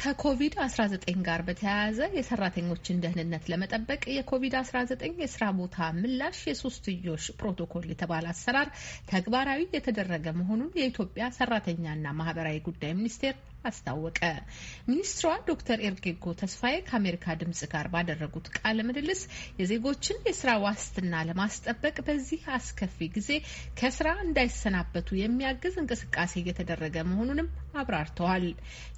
ከኮቪድ-19 ጋር በተያያዘ የሰራተኞችን ደህንነት ለመጠበቅ የኮቪድ-19 የስራ ቦታ ምላሽ የሶስትዮሽ ፕሮቶኮል የተባለ አሰራር ተግባራዊ የተደረገ መሆኑን የኢትዮጵያ ሰራተኛና ማህበራዊ ጉዳይ ሚኒስቴር አስታወቀ። ሚኒስትሯ ዶክተር ኤርጌጎ ተስፋዬ ከአሜሪካ ድምጽ ጋር ባደረጉት ቃለ ምልልስ የዜጎችን የስራ ዋስትና ለማስጠበቅ በዚህ አስከፊ ጊዜ ከስራ እንዳይሰናበቱ የሚያግዝ እንቅስቃሴ እየተደረገ መሆኑንም አብራርተዋል።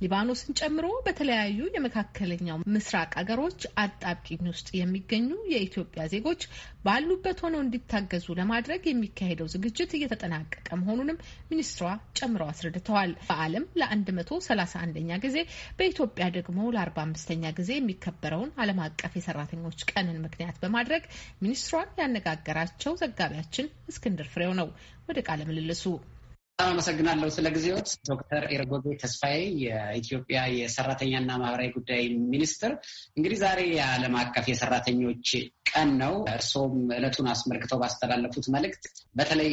ሊባኖስን ጨምሮ በተለያዩ የመካከለኛው ምስራቅ አገሮች አጣብቂኝ ውስጥ የሚገኙ የኢትዮጵያ ዜጎች ባሉበት ሆነው እንዲታገዙ ለማድረግ የሚካሄደው ዝግጅት እየተጠናቀቀ መሆኑንም ሚኒስትሯ ጨምረው አስረድተዋል። በዓለም ለ130 ለ31ኛ ጊዜ በኢትዮጵያ ደግሞ ለ45ኛ ጊዜ የሚከበረውን ዓለም አቀፍ የሰራተኞች ቀንን ምክንያት በማድረግ ሚኒስትሯን ያነጋገራቸው ዘጋቢያችን እስክንድር ፍሬው ነው። ወደ ቃለ ምልልሱ በጣም አመሰግናለሁ ስለ ጊዜዎት። ዶክተር ኤርጎቤ ተስፋዬ የኢትዮጵያ የሰራተኛና ማህበራዊ ጉዳይ ሚኒስትር፣ እንግዲህ ዛሬ የዓለም አቀፍ የሰራተኞች ቀን ነው። እርስዎም እለቱን አስመልክተው ባስተላለፉት መልእክት በተለይ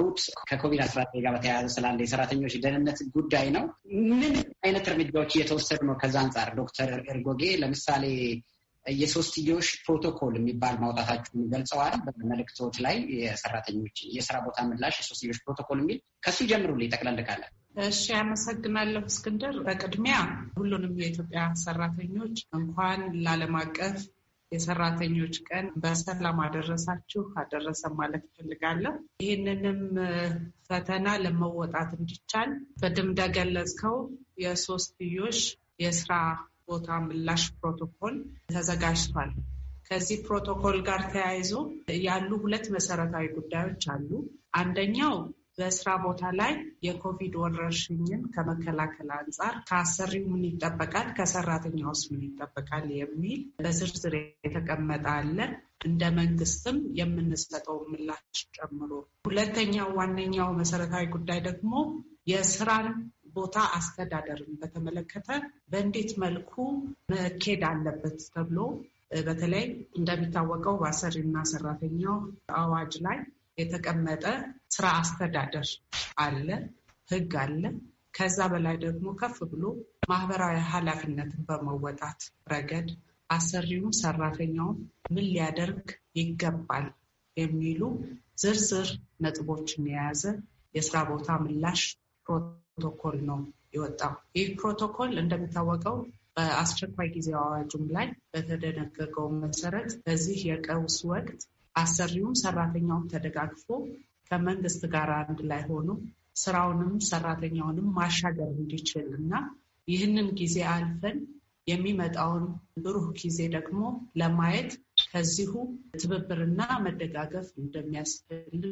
ሩት ከኮቪድ አስራ ዘጠኝ ጋር በተያያዘ ስላለ የሰራተኞች ደህንነት ጉዳይ ነው። ምን አይነት እርምጃዎች እየተወሰዱ ነው? ከዛ አንጻር ዶክተር ኤርጎጌ ለምሳሌ የሶስትዮሽ ፕሮቶኮል የሚባል ማውጣታችሁን ገልጸዋል። በመልእክቶች ላይ የሰራተኞች የስራ ቦታ ምላሽ የሶስትዮሽ ፕሮቶኮል የሚል ከሱ ጀምሩልኝ ጠቅለልካለን። እሺ፣ ያመሰግናለሁ እስክንድር። በቅድሚያ ሁሉንም የኢትዮጵያ ሰራተኞች እንኳን ለዓለም አቀፍ የሰራተኞች ቀን በሰላም አደረሳችሁ አደረሰ ማለት እፈልጋለሁ። ይህንንም ፈተና ለመወጣት እንዲቻል በደንብ እንደገለጽከው የሶስትዮሽ የስራ ቦታ ምላሽ ፕሮቶኮል ተዘጋጅቷል። ከዚህ ፕሮቶኮል ጋር ተያይዞ ያሉ ሁለት መሰረታዊ ጉዳዮች አሉ። አንደኛው በስራ ቦታ ላይ የኮቪድ ወረርሽኝን ከመከላከል አንጻር ከአሰሪው ምን ይጠበቃል፣ ከሰራተኛውስ ምን ይጠበቃል የሚል በዝርዝር የተቀመጠ አለ። እንደ መንግስትም የምንሰጠው ምላሽ ጨምሮ። ሁለተኛው ዋነኛው መሰረታዊ ጉዳይ ደግሞ የስራን ቦታ አስተዳደርን በተመለከተ በእንዴት መልኩ መኬድ አለበት ተብሎ በተለይ እንደሚታወቀው በአሰሪና ሰራተኛው አዋጅ ላይ የተቀመጠ ስራ አስተዳደር አለ፣ ህግ አለ። ከዛ በላይ ደግሞ ከፍ ብሎ ማህበራዊ ኃላፊነትን በመወጣት ረገድ አሰሪውም ሰራተኛውም ምን ሊያደርግ ይገባል የሚሉ ዝርዝር ነጥቦችን የያዘ የስራ ቦታ ምላሽ ፕሮቶኮል ነው የወጣው። ይህ ፕሮቶኮል እንደሚታወቀው በአስቸኳይ ጊዜ አዋጁም ላይ በተደነገገው መሰረት በዚህ የቀውስ ወቅት አሰሪውም ሰራተኛውም ተደጋግፎ ከመንግስት ጋር አንድ ላይ ሆኖ ስራውንም ሰራተኛውንም ማሻገር እንዲችል እና ይህንን ጊዜ አልፈን የሚመጣውን ብሩህ ጊዜ ደግሞ ለማየት ከዚሁ ትብብርና መደጋገፍ እንደሚያስፈልግ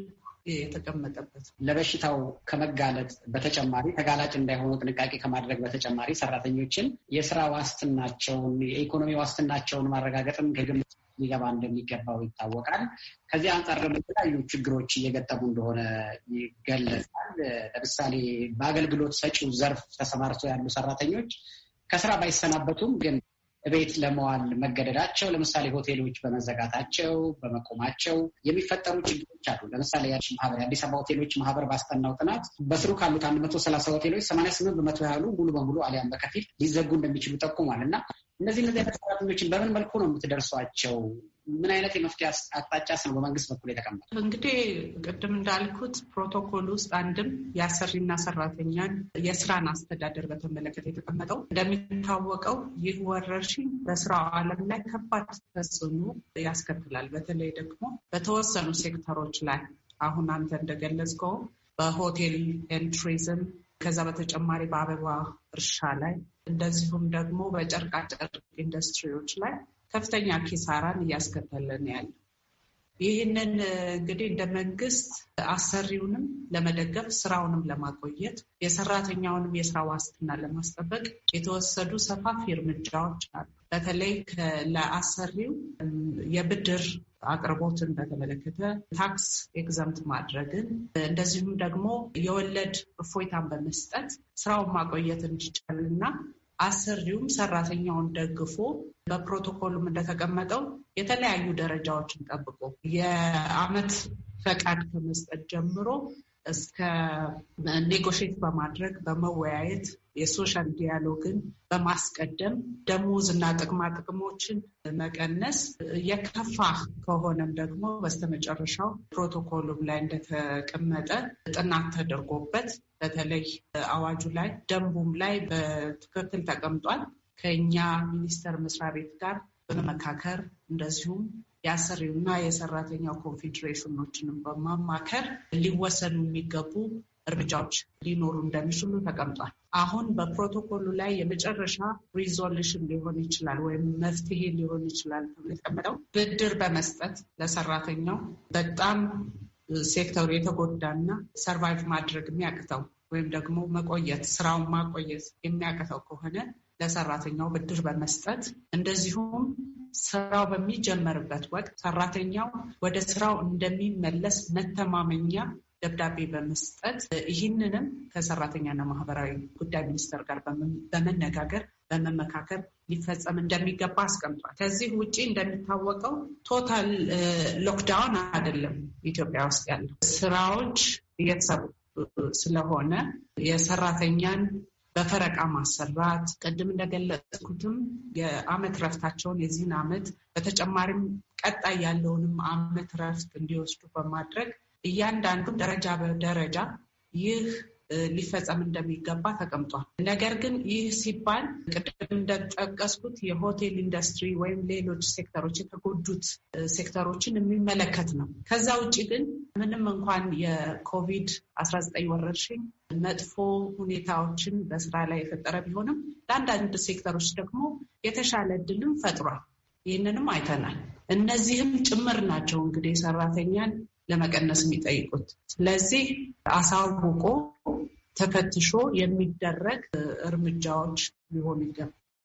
የተቀመጠበት ለበሽታው ከመጋለጥ በተጨማሪ ተጋላጭ እንዳይሆኑ ጥንቃቄ ከማድረግ በተጨማሪ ሰራተኞችን የስራ ዋስትናቸውን የኢኮኖሚ ዋስትናቸውን ማረጋገጥም ከግምት ሊገባ እንደሚገባው ይታወቃል። ከዚህ አንጻር ደግሞ የተለያዩ ችግሮች እየገጠሙ እንደሆነ ይገለጻል። ለምሳሌ በአገልግሎት ሰጪው ዘርፍ ተሰማርተው ያሉ ሰራተኞች ከስራ ባይሰናበቱም ግን ቤት ለመዋል መገደዳቸው ለምሳሌ ሆቴሎች በመዘጋታቸው በመቆማቸው የሚፈጠሩ ችግሮች አሉ። ለምሳሌ ያች ማህበር የአዲስ አበባ ሆቴሎች ማህበር ባስጠናው ጥናት በስሩ ካሉት አንድ መቶ ሰላሳ ሆቴሎች ሰማንያ ስምንት በመቶ ያህሉ ሙሉ በሙሉ አሊያም በከፊል ሊዘጉ እንደሚችሉ ጠቁሟል እና እነዚህ እነዚህ አይነት ሰራተኞችን በምን መልኩ ነው የምትደርሷቸው? ምን አይነት የመፍትሄ አቅጣጫ ስነው በመንግስት በኩል የተቀመጠ? እንግዲህ ቅድም እንዳልኩት ፕሮቶኮል ውስጥ አንድም የአሰሪና ሰራተኛን የስራን አስተዳደር በተመለከተ የተቀመጠው እንደሚታወቀው ይህ ወረርሽኝ በስራው ዓለም ላይ ከባድ ተጽዕኖ ያስከትላል። በተለይ ደግሞ በተወሰኑ ሴክተሮች ላይ አሁን አንተ እንደገለጽከው በሆቴል ኤንድ ቱሪዝም ከዛ በተጨማሪ በአበባ እርሻ ላይ እንደዚሁም ደግሞ በጨርቃጨርቅ ኢንዱስትሪዎች ላይ ከፍተኛ ኪሳራን እያስከተለን ያለው ይህንን እንግዲህ እንደ መንግስት አሰሪውንም ለመደገፍ ስራውንም ለማቆየት የሰራተኛውንም የስራ ዋስትና ለማስጠበቅ የተወሰዱ ሰፋፊ እርምጃዎች አሉ። በተለይ ለአሰሪው የብድር አቅርቦትን በተመለከተ ታክስ ኤግዘምት ማድረግን እንደዚሁም ደግሞ የወለድ እፎይታን በመስጠት ስራውን ማቆየት ና። አሰሪውም ሰራተኛውን ደግፎ በፕሮቶኮሉም እንደተቀመጠው የተለያዩ ደረጃዎችን ጠብቆ የአመት ፈቃድ ከመስጠት ጀምሮ እስከ ኔጎሽት በማድረግ በመወያየት የሶሻል ዲያሎግን በማስቀደም ደሞዝ እና ጥቅማ ጥቅሞችን መቀነስ የከፋ ከሆነም ደግሞ በስተመጨረሻው ፕሮቶኮሉም ላይ እንደተቀመጠ ጥናት ተደርጎበት በተለይ አዋጁ ላይ ደንቡም ላይ በትክክል ተቀምጧል። ከኛ ሚኒስቴር መስሪያ ቤት ጋር በመመካከር እንደዚሁም የአሰሪውና የሰራተኛው ኮንፌዴሬሽኖችንም በማማከር ሊወሰኑ የሚገቡ እርምጃዎች ሊኖሩ እንደሚችሉ ተቀምጧል። አሁን በፕሮቶኮሉ ላይ የመጨረሻ ሪዞሉሽን ሊሆን ይችላል ወይም መፍትሄ ሊሆን ይችላል ተብሎ የተቀመጠው ብድር በመስጠት ለሰራተኛው በጣም ሴክተሩ የተጎዳና ሰርቫይቭ ማድረግ የሚያቅተው ወይም ደግሞ መቆየት ስራውን ማቆየት የሚያቅተው ከሆነ ለሰራተኛው ብድር በመስጠት እንደዚሁም ስራው በሚጀመርበት ወቅት ሰራተኛው ወደ ስራው እንደሚመለስ መተማመኛ ደብዳቤ በመስጠት ይህንንም ከሰራተኛና ማህበራዊ ጉዳይ ሚኒስቴር ጋር በመነጋገር በመመካከር ሊፈጸም እንደሚገባ አስቀምጧል። ከዚህ ውጪ እንደሚታወቀው ቶታል ሎክዳውን አይደለም ኢትዮጵያ ውስጥ ያለው ስራዎች እየተሰሩ ስለሆነ የሰራተኛን በፈረቃ ማሰራት ቅድም እንደገለጽኩትም የአመት ረፍታቸውን የዚህን አመት በተጨማሪም ቀጣይ ያለውንም አመት ረፍት እንዲወስዱ በማድረግ እያንዳንዱ ደረጃ በደረጃ ይህ ሊፈጸም እንደሚገባ ተቀምጧል። ነገር ግን ይህ ሲባል ቅድም እንደጠቀስኩት የሆቴል ኢንዱስትሪ ወይም ሌሎች ሴክተሮች የተጎዱት ሴክተሮችን የሚመለከት ነው። ከዛ ውጭ ግን ምንም እንኳን የኮቪድ 19 ወረርሽኝ መጥፎ ሁኔታዎችን በስራ ላይ የፈጠረ ቢሆንም ለአንዳንድ ሴክተሮች ደግሞ የተሻለ እድልም ፈጥሯል። ይህንንም አይተናል። እነዚህም ጭምር ናቸው እንግዲህ ሰራተኛን ለመቀነስ የሚጠይቁት። ስለዚህ አሳውቆ ተፈትሾ የሚደረግ እርምጃዎች ሊሆኑ ይገባል።